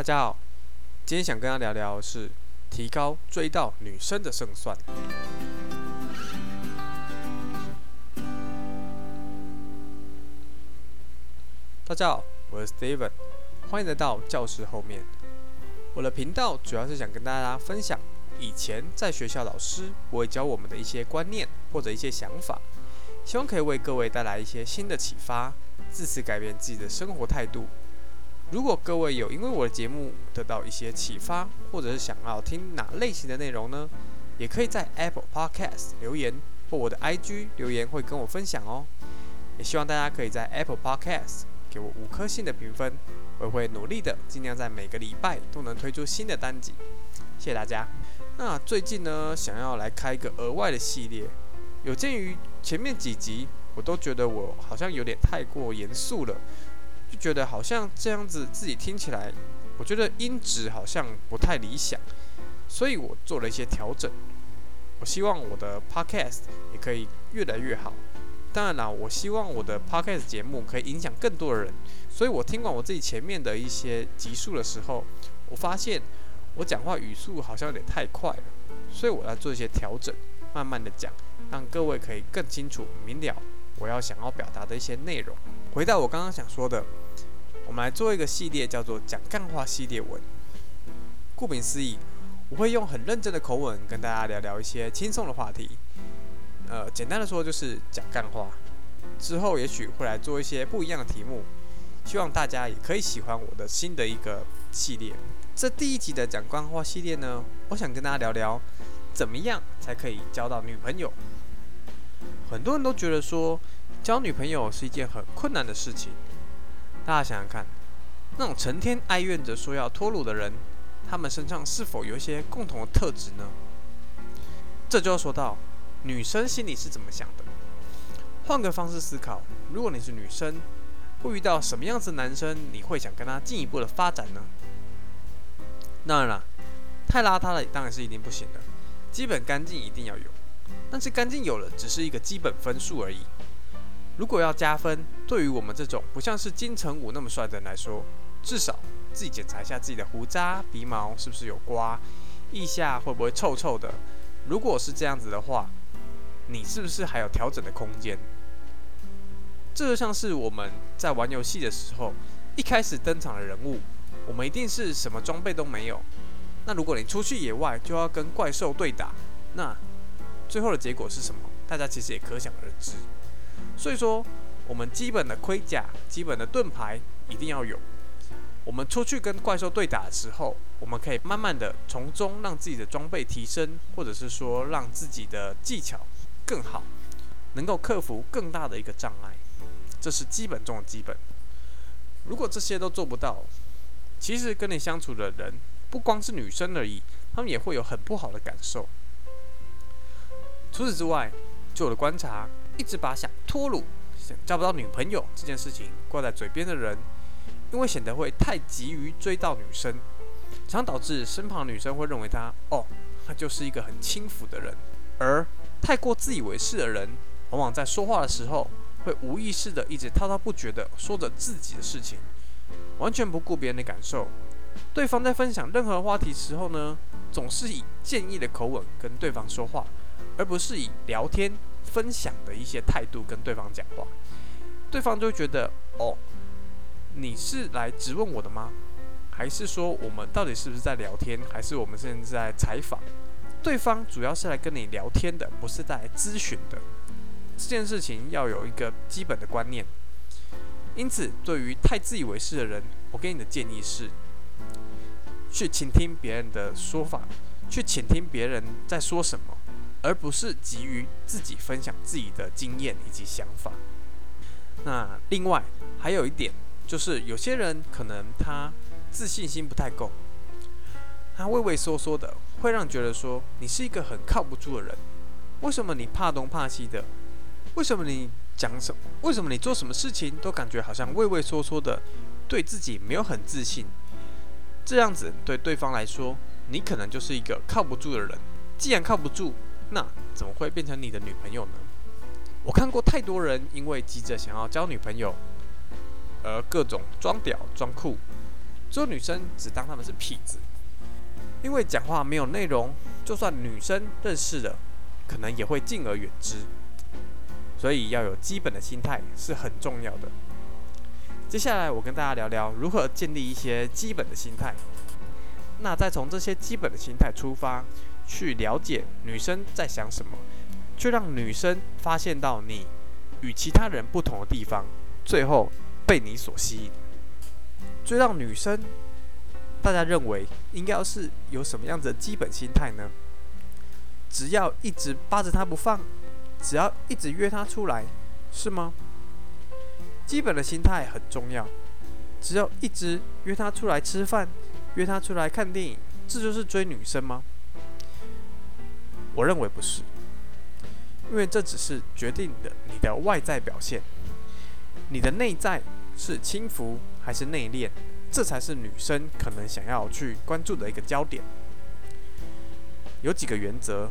大家好，今天想跟大家聊聊的是提高追到女生的勝算。大家好，我是 Steven，歡迎來到教室後面。我的頻道主要是想跟大家分享以前在學校老師不會教我們的一些觀念或者一些想法，希望可以為各位帶來一些新的啟發，自此改變自己的生活態度。如果各位有因為我的節目得到一些啟發，或者是想要聽哪類型的內容呢，也可以在 Apple Podcast 留言、或我的 IG 留言，會跟我分享哦。也希望大家可以在 Apple Podcast 給我五顆星的評分，我會努力的，盡量在每個禮拜都能推出新的單集。謝謝大家。那最近呢，想要來開一個額外的系列，有鑑於前面幾集，我都覺得我好像有點太過嚴肅了。就覺得好像這樣子自己聽起來，我覺得音質好像不太理想，所以我做了一些調整。我希望我的 podcast 也可以越來越好。當然啦，我希望我的 podcast 節目可以影響更多的人。所以我聽完我自己前面的一些集數的時候，我發現我講話語速好像有點太快了，所以我要做一些調整，慢慢的講，讓各位可以更清楚明了我要想要表達的一些內容。回到我剛剛想說的。我們來做一個系列，叫做“講幹話”系列文。顧名思義，我會用很認真的口吻跟大家聊聊一些輕鬆的話題。呃，簡單的說就是講幹話。之後也許會來做一些不一樣的題目，希望大家也可以喜歡我的新的一個系列。這第一集的講幹話系列呢，我想跟大家聊聊怎麼樣才可以交到女朋友。很多人都覺得說交女朋友是一件很困難的事情。大家想想看，那種成天哀怨着說要脫魯的人，他們身上是否有一些共同的特質呢？這就要說到女生心裡是怎麼想的。換個方式思考，如果你是女生，會遇到什麼樣子的男生，你會想跟他進一步的發展呢？當然了，太邋遢了當然是一定不行的，基本乾淨一定要有。但是乾淨有了，只是一個基本分數而已。如果要加分，對於我們這種不像是金城武那麼帥的人來說，至少自己檢查一下自己的鬍渣、鼻毛是不是有刮，腋下會不會臭臭的。如果是這樣子的話，你是不是還有調整的空間？這就像是我們在玩遊戲的時候，一開始登場的人物，我們一定是什麼裝備都沒有。那如果你出去野外就要跟怪獸對打，那最後的結果是什麼？大家其實也可想而知。所以說，我們基本的盔甲、基本的盾牌一定要有。我們出去跟怪獸對打的時候，我們可以慢慢的從中讓自己的裝備提升，或者是說讓自己的技巧更好，能夠克服更大的一個障礙。這是基本中的基本。如果這些都做不到，其實跟你相處的人不光是女生而已，他們也會有很不好的感受。除此之外，據我的觀察，一直把想脫魯想交不到女朋友這件事情掛在嘴邊的人，因為顯得會太急於追到女生，常導致身旁女生會認為他哦，他就是一個很輕浮的人。而太過自以為是的人，往往在說話的時候會無意識的一直滔滔不絕的說着自己的事情，完全不顧別人的感受。對方在分享任何話題的時候呢，總是以建議的口吻跟對方說話，而不是以聊天。分享的一些態度跟對方講話，對方就會覺得哦，你是來質問我的嗎？還是說我們到底是不是在聊天？還是我們現在在採訪？對方主要是來跟你聊天的，不是在諮詢的。這件事情要有一個基本的觀念。因此，對於太自以為是的人，我給你的建議是：去傾聽別人的說法，去傾聽別人在說什麼。而不是急於自己分享自己的經驗以及想法。那另外還有一點，就是有些人可能他自信心不太夠，他畏畏縮縮的，會讓覺得說你是一個很靠不住的人。為什麼你怕東怕西的？為什麼你講什麼？為什麼你做什麼事情都感覺好像畏畏縮縮的，對自己沒有很自信？這樣子對對方來說，你可能就是一個靠不住的人。既然靠不住，那怎麼會變成你的女朋友呢？我看過太多人因為急着想要交女朋友，而各種裝屌裝酷，做女生只當他們是痞子，因為講話沒有內容，就算女生認識了，可能也會敬而遠之。所以要有基本的心態是很重要的。接下來我跟大家聊聊如何建立一些基本的心態，那再從這些基本的心態出發。去了解女生在想什麼，就讓女生發現到你與其他人不同的地方，最後被你所吸引。追到女生，大家認為應該是有什麼樣的基本心態呢？只要一直扒着她不放，只要一直約她出來，是嗎？基本的心態很重要。只要一直約她出來吃飯，約她出來看電影，這就是追女生嗎？我認為不是，因為這只是決定你的你的外在表現。你的內在是輕浮還是內斂，這才是女生可能想要去關注的一個焦點。有幾個原則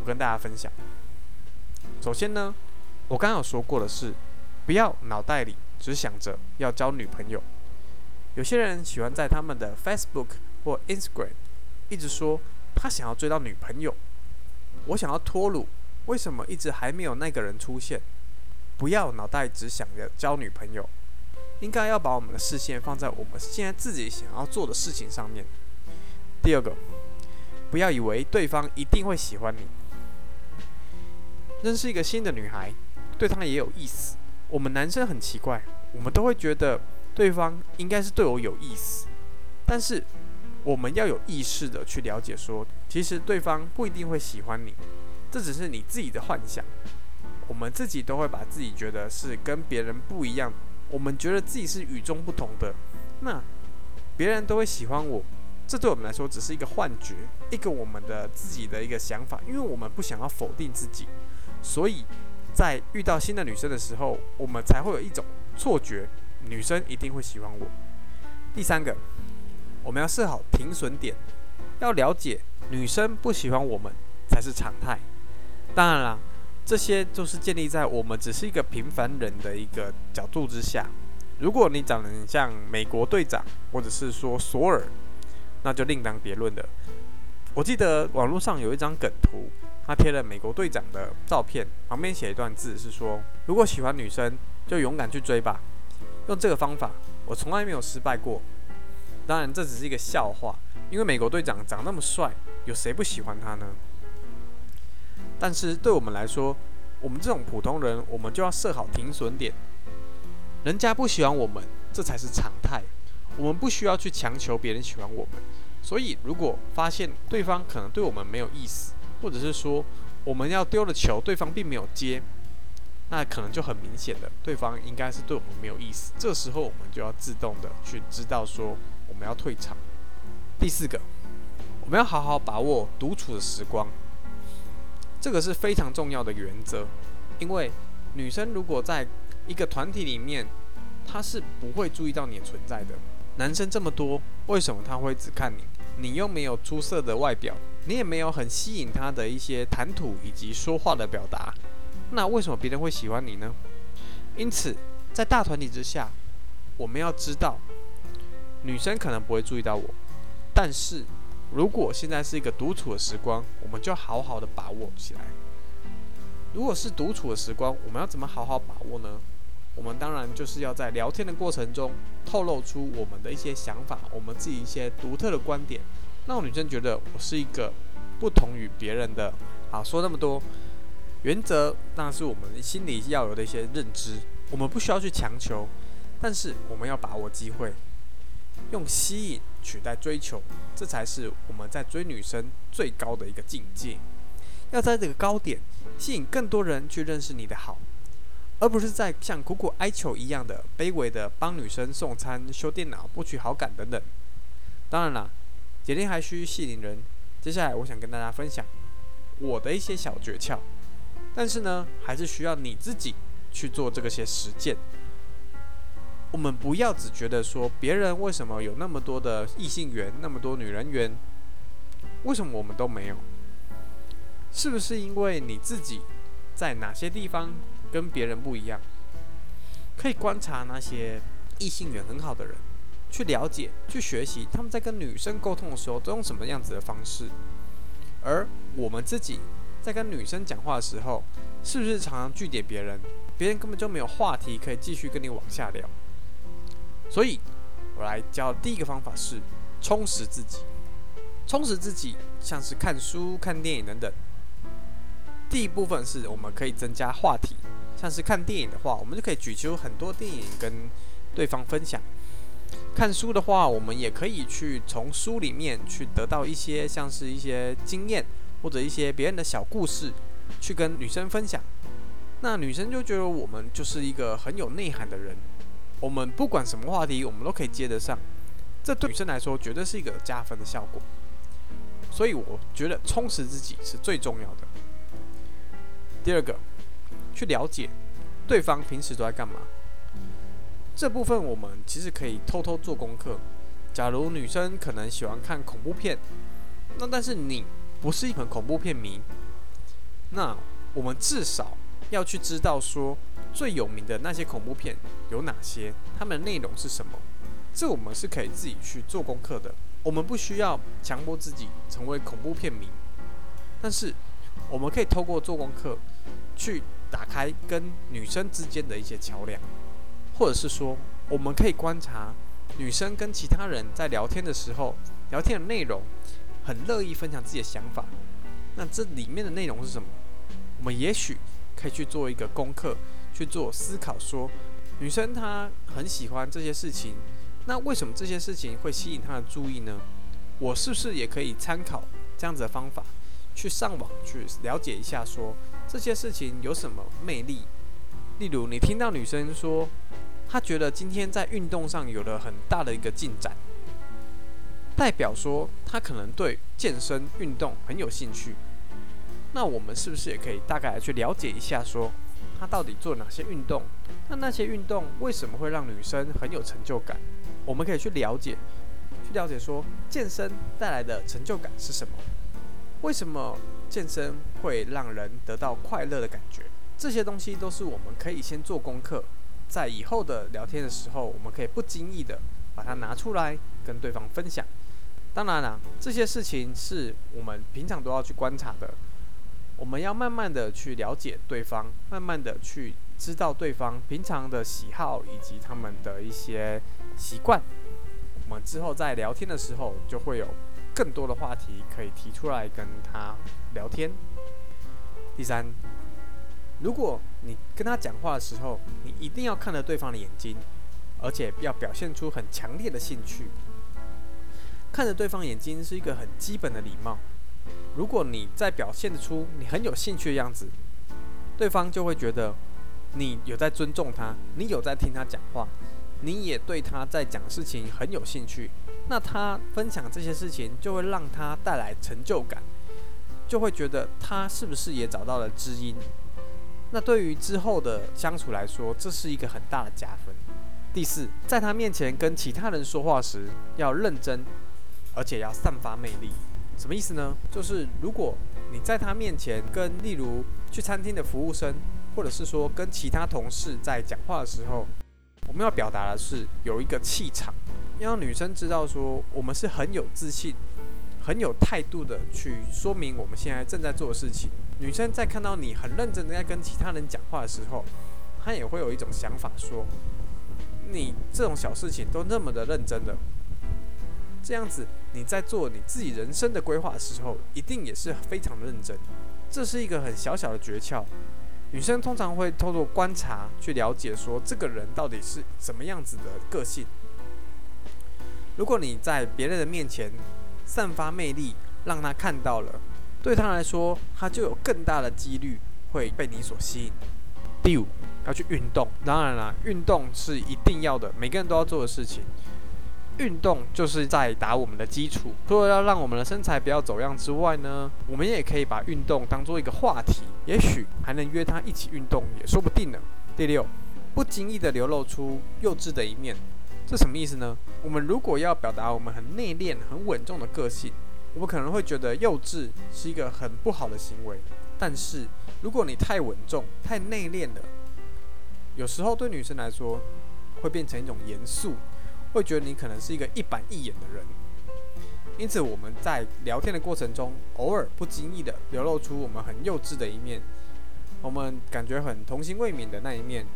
我跟大家分享。首先呢，我剛剛有說過的是，不要腦袋裡只想着要交女朋友。有些人喜歡在他們的 Facebook 或 Instagram 一直說他想要追到女朋友。我想要脫魯，為什麼一直還沒有那個人出現？不要腦袋只想着交女朋友，應該要把我們的視線放在我們現在自己想要做的事情上面。第二個，不要以為對方一定會喜歡你。認識一個新的女孩，對她也有意思。我們男生很奇怪，我們都會覺得對方應該是對我有意思，但是。我們要有意識的去了解說，說其實對方不一定會喜歡你，這只是你自己的幻想。我們自己都會把自己覺得是跟別人不一樣，我們覺得自己是與眾不同的，那別人都會喜歡我，這對我們來說只是一個幻覺，一個我們的自己的一個想法，因為我們不想要否定自己，所以在遇到新的女生的時候，我們才會有一種錯覺，女生一定會喜歡我。第三個，我們要設好停損點，要了解女生不喜歡我們才是常態。當然啦，這些就是建立在我們只是一個平凡人的一個角度之下。如果你長得很像美國隊長，或者是說索爾，那就另當別論了。我記得網絡上有一張梗圖，他貼了美國隊長的照片，旁邊寫一段字是說：“如果喜歡女生，就勇敢去追吧。用這個方法，我從來沒有失敗過。”當然，這只是一個笑話。因為美國隊長長那麼帥，有誰不喜歡他呢？但是對我們來說，我們這種普通人，我們就要設好停損點。人家不喜歡我們，這才是常態。我們不需要去強求別人喜歡我們。所以，如果發現對方可能對我們沒有意思，或者是說我們要丟的球對方並沒有接，那可能就很明顯的，對方應該是對我們沒有意思。這時候，我們就要自動的去知道說。我們要退場。第四個，我們要好好把握獨處的時光，這個是非常重要的原則。因為女生如果在一個團體裡面，她是不會注意到你的存在的。男生這麼多，為什麼她會只看你？你又沒有出色的外表，你也沒有很吸引她的一些談吐以及說話的表達，那為什麼別人會喜歡你呢？因此，在大團體之下，我們要知道，女生可能不會注意到我，但是如果現在是一個獨處的時光，我們就好好的把握起來。如果是獨處的時光，我們要怎麼好好把握呢？我們當然就是要在聊天的過程中透露出我們的一些想法，我們自己一些獨特的觀點，讓我女生覺得我是一個不同於別人的好。說那麼多，原則那是我們心裡要有的一些認知，我們不需要去強求，但是我們要把握機會。用吸引取代追求，這才是我們在追女生最高的一個境界。要在這個高點吸引更多人去認識你的好，而不是在像苦苦哀求一樣的卑微的幫女生送餐、修電腦、獲取好感等等。當然啦，解鈴還需繫鈴人。接下來我想跟大家分享我的一些小訣竅，但是呢，還是需要你自己去做這個些實踐。我們不要只覺得說別人為什麼有那麼多的異性緣，那麼多女人緣，為什麼我們都沒有？是不是因為你自己在哪些地方跟別人不一樣？可以觀察那些異性緣很好的人，去了解、去學習他們在跟女生溝通的時候都用什麼樣子的方式，而我們自己在跟女生講話的時候，是不是常常句點別人，別人根本就沒有話題可以繼續跟你往下聊？所以，我來教第一個方法是充實自己。充實自己，像是看書、看電影等等。第一部分是我們可以增加話題，像是看電影的話，我們就可以舉出很多電影跟對方分享；看書的話，我們也可以去從書裡面去得到一些像是一些經驗或者一些別人的小故事，去跟女生分享。那女生就覺得我們就是一個很有內涵的人。我們不管什麼話題，我們都可以接得上，這對女生來說絕對是一個加分的效果。所以我覺得充實自己是最重要的。第二個，去了解對方平時都在幹嘛，這部分我們其實可以偷偷做功課。假如女生可能喜歡看恐怖片，那但是你不是一本恐怖片迷，那我們至少要去知道說。最有名的那些恐怖片有哪些？它們的內容是什麼？這我們是可以自己去做功課的。我們不需要強迫自己成為恐怖片迷，但是我們可以透過做功課去打開跟女生之間的一些橋樑，或者是說，我們可以觀察女生跟其他人在聊天的時候，聊天的內容，很樂意分享自己的想法。那這裡面的內容是什麼？我們也許可以去做一個功課。去做思考說，說女生她很喜歡這些事情，那為什麼這些事情會吸引她的注意呢？我是不是也可以參考這樣子的方法，去上網去了解一下說，說這些事情有什麼魅力？例如，你聽到女生說，她覺得今天在運動上有了很大的一個進展，代表說她可能對健身運動很有興趣。那我們是不是也可以大概去了解一下，說？他到底做哪些運動？那那些運動為什麼會讓女生很有成就感？我們可以去了解，去了解說健身帶來的成就感是什麼？為什麼健身會讓人得到快樂的感覺？這些東西都是我們可以先做功課，在以後的聊天的時候，我們可以不經意的把它拿出來跟對方分享。當然啦，這些事情是我們平常都要去觀察的。我們要慢慢的去了解對方，慢慢的去知道對方平常的喜好以及他們的一些習慣。我們之後在聊天的時候，就會有更多的話題可以提出來跟他聊天。第三，如果你跟他講話的時候，你一定要看着對方的眼睛，而且要表現出很強烈的興趣。看着對方眼睛是一個很基本的禮貌。如果你在表現出你很有興趣的樣子，對方就會覺得你有在尊重他，你有在聽他講話，你也對他在講事情很有興趣，那他分享這些事情就會讓他帶來成就感，就會覺得他是不是也找到了知音？那對於之後的相處來說，這是一個很大的加分。第四，在他面前跟其他人說話時，要認真，而且要散發魅力。什麼意思呢？就是如果你在她面前跟，例如去餐廳的服務生，或者是說跟其他同事在講話的時候，我們要表達的是有一個氣場，要讓女生知道說我們是很有自信、很有態度的去說明我們現在正在做的事情。女生在看到你很認真的在跟其他人講話的時候，她也會有一種想法說，你這種小事情都那麼的認真的這樣子。你在做你自己人生的規劃的時候，一定也是非常認真。這是一個很小小的訣竅。女生通常會透過觀察去了解，說這個人到底是什麼樣子的個性。如果你在別人的面前散發魅力，讓他看到了，對他來說，他就有更大的幾率會被你所吸引。第五，要去運動。當然了，運動是一定要的，每個人都要做的事情。運動就是在打我們的基礎。除了要讓我們的身材不要走樣之外呢，我們也可以把運動當做一個話題。也許還能約他一起運動，也說不定呢。第六，不經意的流露出幼稚的一面，這什麼意思呢？我們如果要表達我們很內斂、很穩重的個性，我們可能會覺得幼稚是一個很不好的行為。但是如果你太穩重、太內斂了，有時候對女生來說會變成一種嚴肅。會覺得你可能是一個一板一眼的人，因此我們在聊天的過程中，偶爾不經意的流露出我們很幼稚的一面，我們感覺很童心未泯的那一面，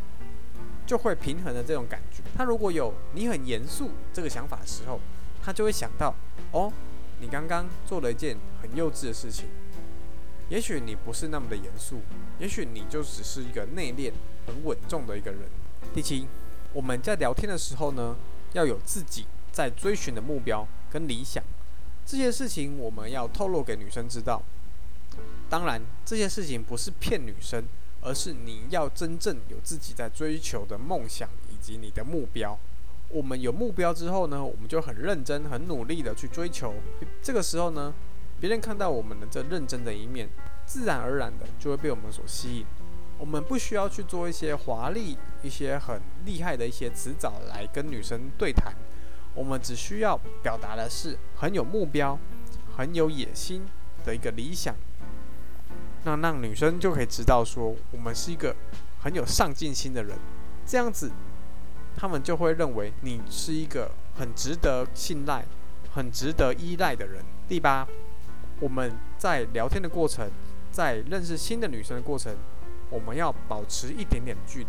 就會平衡的這種感覺。他如果有你很嚴肅這個想法的時候，他就會想到哦，你剛剛做了一件很幼稚的事情。也許你不是那麼的嚴肅，也許你就只是一個內斂、很穩重的一個人。第七，我們在聊天的時候呢。要有自己在追尋的目標跟理想，這些事情我們要透露給女生知道。當然，這些事情不是騙女生，而是你要真正有自己在追求的夢想以及你的目標。我們有目標之後呢，我們就很認真、很努力的去追求。這個時候呢，別人看到我們的這認真的一面，自然而然的就會被我們所吸引。我們不需要去做一些華麗、一些很厲害的一些辭藻來跟女生對談，我們只需要表達的是很有目標、很有野心的一個理想，那讓女生就可以知道說我們是一個很有上進心的人，這樣子他們就會認為你是一個很值得信賴、很值得依賴的人。第八，我們在聊天的過程，在認識新的女生的過程。我們要保持一點點距離，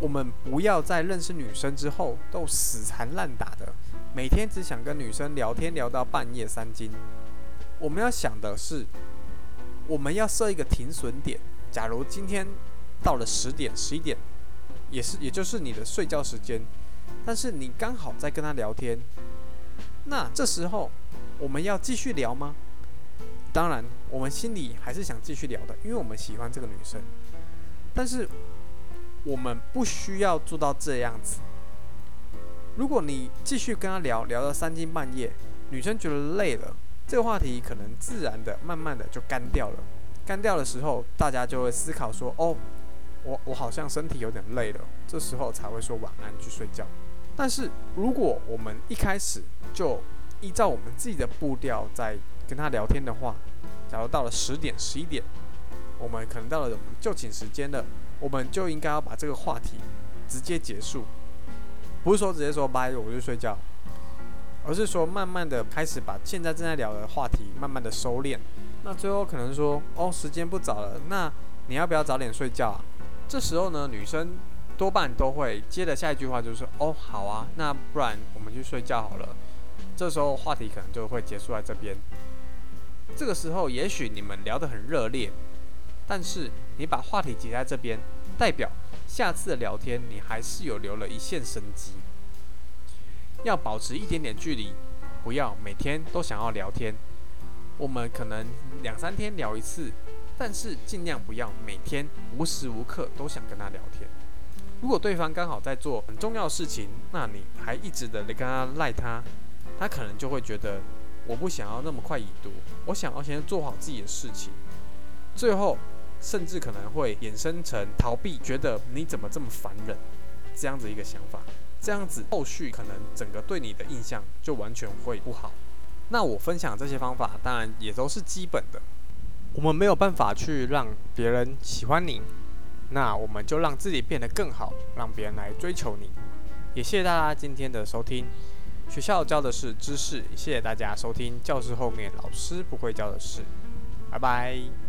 我們不要在認識女生之後都死纏爛打的，每天只想跟女生聊天聊到半夜三更。我們要想的是，我們要設一個停損點。假如今天到了十點、十一點，也是也就是你的睡覺時間，但是你剛好在跟她聊天，那這時候我們要繼續聊嗎？當然，我們心裡還是想繼續聊的，因為我們喜歡這個女生。但是，我們不需要做到這樣子。如果你繼續跟她聊聊到三更半夜，女生覺得累了，這個話題可能自然的、慢慢的就乾掉了。乾掉的時候，大家就會思考說：“哦，我我好像身體有點累了。”這時候才會說晚安去睡覺。但是，如果我們一開始就依照我們自己的步調在。跟他聊天的話，假如到了十點、十一點，我們可能到了就寢時間了，我們就應該要把這個話題直接結束，不是說直接說拜，我就睡覺，而是說慢慢的開始把現在正在聊的話題慢慢的收斂。那最後可能說，哦，時間不早了，那你要不要早點睡覺啊？這時候呢，女生多半都會接著下一句話就是說，哦，好啊，那不然我們去睡覺好了。這時候話題可能就會結束在這邊。這個時候，也許你們聊得很熱烈，但是你把話題擠在這邊，代表下次的聊天你還是有留了一線生機。要保持一點點距離，不要每天都想要聊天。我們可能兩三天聊一次，但是儘量不要每天無時無刻都想跟他聊天。如果對方剛好在做很重要的事情，那你還一直的跟他賴他，他可能就會覺得。我不想要那麼快已讀，我想要先做好自己的事情。最後，甚至可能會衍生成逃避，覺得你怎麼這麼煩人，這樣子一個想法。這樣子後續可能整個對你的印象就完全會不好。那我分享這些方法，當然也都是基本的。我們沒有辦法去讓別人喜歡你，那我們就讓自己變得更好，讓別人來追求你。也謝謝大家今天的收聽。學校教的是知識，謝謝大家收聽。教室後面老師不會教的事，拜拜。